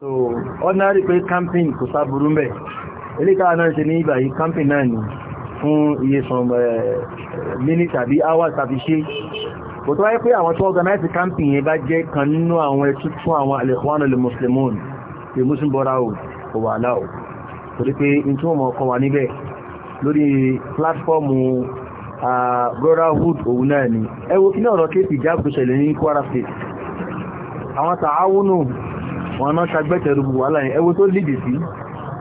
so ordinary pé camping kò sáburú mẹ́ eléka náà ṣe ní ìgbà yìí camping náà ni fún iye sàn eh, eh, minutes tàbí hours tàbí ṣe kò tó wáyé pé àwọn tó organize camping yẹn bá jẹ́ kan nínú àwọn ẹtú fún àwọn alẹ́kọ̀ọ́nà lè muslimun lè muslim bọ́ra ò kò wà láò torí pé n tí wọ́n mọ̀ ọkọ̀ wà níbẹ̀ lórí pílátífọ́ọ̀mù ah, brotherhood òun náà ni ẹ wo kí ní ọ̀rọ̀ kéèkì jáàbù ṣẹlẹ̀ ní Kwara State àwọn tààwùnù wọn náà ṣagbẹ́tẹ̀rù bù wàhálà yẹn ẹwọ tó lìdì sí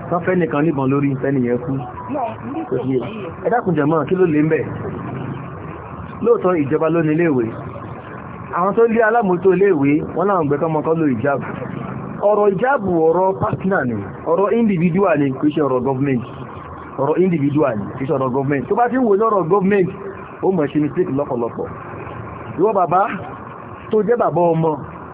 wọ́n fẹ́ nìkan níbọn lórí fẹ́nìyàn fún ẹ dákun jẹ̀mọ́ kí ló lè ń bẹ̀ lóòótọ́ ìjọba ló ní iléèwé àwọn tó lé alámòótó iléèwé wọ́n láwọn gbẹ̀kọ́mọ kọ́ lo ìjáàbù government ọ̀rọ̀ individual ni kìí government tó bá ti ń government ó mọ̀ ṣe mistake lọ́pọ̀lọpọ̀ ìwọ bàbá tó jẹ́ bàbá ọmọ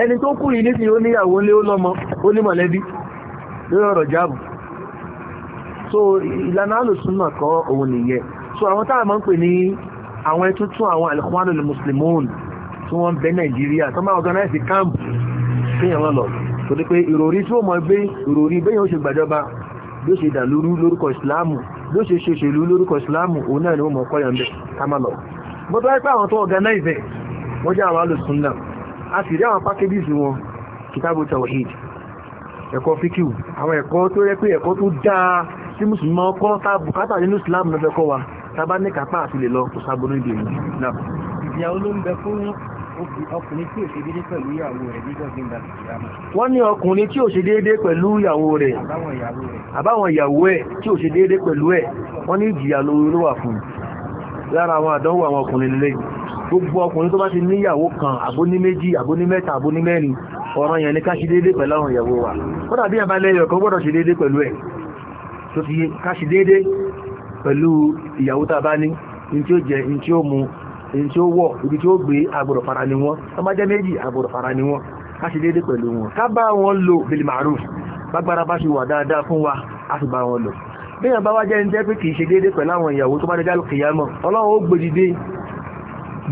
ẹni tó kú yìí nísìnyí ó níyàwó lé ó lọ́mọ ó ní mọ̀lẹ́bí lórí ọ̀rọ̀ jáàbù so ìlànà alùsùnmà kọ́ òun nìyẹn so àwọn táà máa ń pè ní àwọn ẹtútù àwọn al-Ikhwanul Muslimun tí wọ́n bẹ Nàìjíríà tó máa organize camp kéèyàn wọn lọ tó ní pé ìròrí tí ó mọ̀ gbé ìròrí béèyàn ó ṣe gbàjọba bí ó ṣe dàlúrú lórúkọ ìsìláàmù bí ó ṣe ṣe ṣèlú lórúkọ ìsìláàmù òun náà ni wọ́n mọ̀ kọ́yàn bẹ́ẹ̀ ká má lọ bó bá pẹ́ àwọn tó organize wọ́n jẹ́ àwọn alùsùn náà a sì rí àwọn pákéjìsì wọn kìtàbù tawhid ẹ̀kọ́ fíkíù àwọn ẹ̀kọ́ tó rẹ́ pé ẹ̀kọ́ tó dáa tí mùsùlùmí ọkọ́ tá bùkátà nínú islam ló fẹ́ kọ́ wa tá bá ní kápá àti lè lọ kò sábọ́nú ìdè mi náà. ìyá olóńgbẹ fún ọkùnrin tí ò ṣe déédéé pẹ̀lú ìyàwó rẹ̀ nígbà gbígbà wọ́n ní ọkùnrin tí ò ṣe déédéé pẹ̀lú ìyàwó rẹ̀ àbáwọn ìyàwó ẹ̀ tí ò ṣe déédéé pẹ̀lú ẹ̀ wọ́n ní ìjìyà lówó ló wà fún lára àwọn àdánwò àwọn ọkùnrin lélẹ́yìn gbogbo ọkùnrin tó bá ti níyàwó kan àbóní méjì àbóní mẹ́ta àbóní mẹ́rin ọ̀ràn yẹn ni ká ṣe déédé pẹ̀lú àwọn ìyàwó wa ó dàbí àbá lẹ́yọ̀ kan gbọ́dọ̀ ṣe déédé pẹ̀lú ẹ̀ tó ti ká ṣe déédé pẹ̀lú ìyàwó tá a bá ní in tí ó jẹ in tí ó mu in tí ó wọ̀ ibi tí ó gbé agbọ̀dọ̀ fara ni wọn tó bá jẹ́ méjì agbọ̀dọ̀ fara ni wọn ká ṣe déédé pẹ̀lú wọn ká bá wọn lò bil ma'ruf bágbára bá ṣe wà dáadáa fún wa á sì bá wọn lò bí yàn bá wá jẹ́ ń jẹ́ pé kì í ṣe déédé pẹ̀lú àwọn ìyàwó tó bá dé jálù kìyàmọ̀ ọlọ́run ó gbèdìde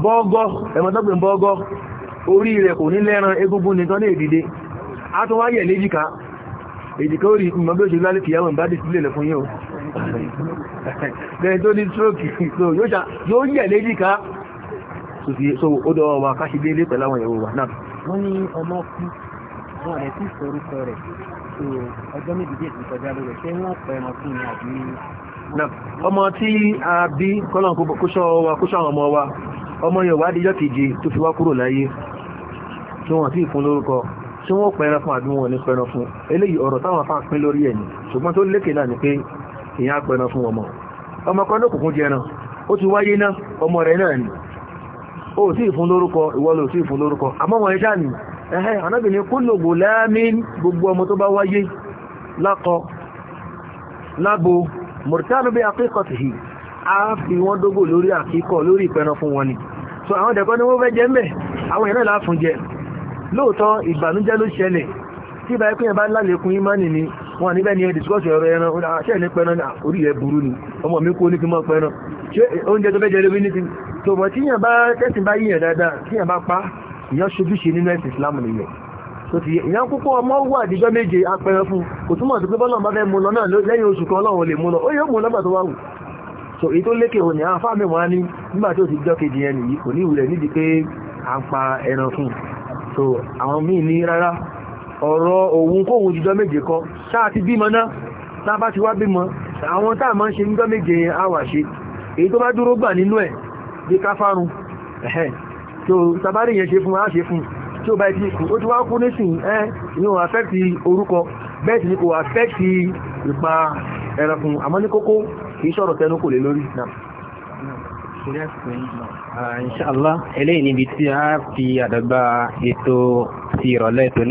bọ́ọ̀gọ́ ẹ̀mọ̀tọ́gbìn bọ́ọ̀gọ́ orí rẹ̀ kò ní lẹ́ran egungun nìkan ní èdìdé a tún wáyẹ̀ léjìká èjìká orí ìmọ̀ bí ó ṣe lálẹ́ ìbádì sílẹ̀ lẹ̀ yíò stroke so ó dọ̀ wà káṣí délé pẹ̀láwọn ìwò wà náà wọ́n ní ọmọ kú wọn rẹ̀ tí a bí kọ́lọ̀ ṣọ́ wa kó ọmọ wa ọmọ Yorùbá adíjọ́ keje tó fi wá kúrò láyé tí wọ́n sì fún lórúkọ tí wọ́n pẹran fún àdúgbò ní pẹran fún eléyìí ọ̀rọ̀ táwọn afá pín lórí ẹ̀ ni ṣùgbọ́n tó lékè náà ni pé ìyá pẹran fún ọmọ ọmọ kan ló kùnkùn jẹran ó ti wáyé náà ọmọ rẹ̀ náà ni ó sì fún lórúkọ ìwọ ló sì fún lórúkọ àmọ́ wọn ẹja ni ẹ̀hẹ́ anábìnrin kullu gulamin gbogbo ọmọ tó bá wáyé lákọ lábo murtanu bí akẹ́kọ̀ọ́ a fi wọ́n dógò lórí àkíkọ̀ lórí ìpẹran fún wọn ni so àwọn dẹ̀kọ́ ni wọ́n fẹ́ jẹ mẹ́ àwọn èèyàn náà láàfún jẹ lóòótọ́ ìbànújẹ́ ló ṣẹlẹ̀ tí ìbá ẹkùn yẹn bá lálẹ́kùn ìmánì ni wọn níbẹ̀ ni ẹ̀dìsíkọ́sì ọ̀rọ̀ ẹran ah, ṣe ah, ni ọmọ mi kú ní kí mọ́ pẹran ṣe oúnjẹ tó bẹ́jẹ̀ ti pa ìyàn ṣojúṣe nínú ẹ̀sìn Islam nìyẹn tó ti ìyàn púpọ̀ ọmọ wà àdìjọ́ méje apẹran fún kò túmọ̀ sí pé bọ́lọ̀ bá fẹ́ mú lọ náà lẹ́yìn oṣù kan Ọlọ́run lè mú lọ ó yóò mú lọ́gbà tó wá so èyí tó lékè òní àwọn afá mẹ́wàá ní nígbà tí ó ti jọ́ kejì ẹni yìí kò ní ìwúrẹ̀ nídìí pé à ń pa ẹran fún so àwọn ni rara rárá ọ̀rọ̀ òun kóhun jíjọ́ méje kọ sáà ti bímọ náà tábá ti wá bímọ àwọn táà máa ń ṣe níjọ́ méje àwà ṣe èyí tó bá dúró gbà nínú ẹ̀ bí ká fárun ẹ̀hẹ́ tó tabárì yẹn ṣe fún wa ṣe fún tí ó bá ti kú ó ti wá kú nísìn ẹ́ ìyóò affect orúkọ bẹ́ẹ̀ sì ni kò affect ìpa ẹran fún àmọ́ ní kókó kìí sọ̀rọ̀ tẹnu kò lè lórí náà Inshallah eléyìí níbi tí a fi àdàgbà ètò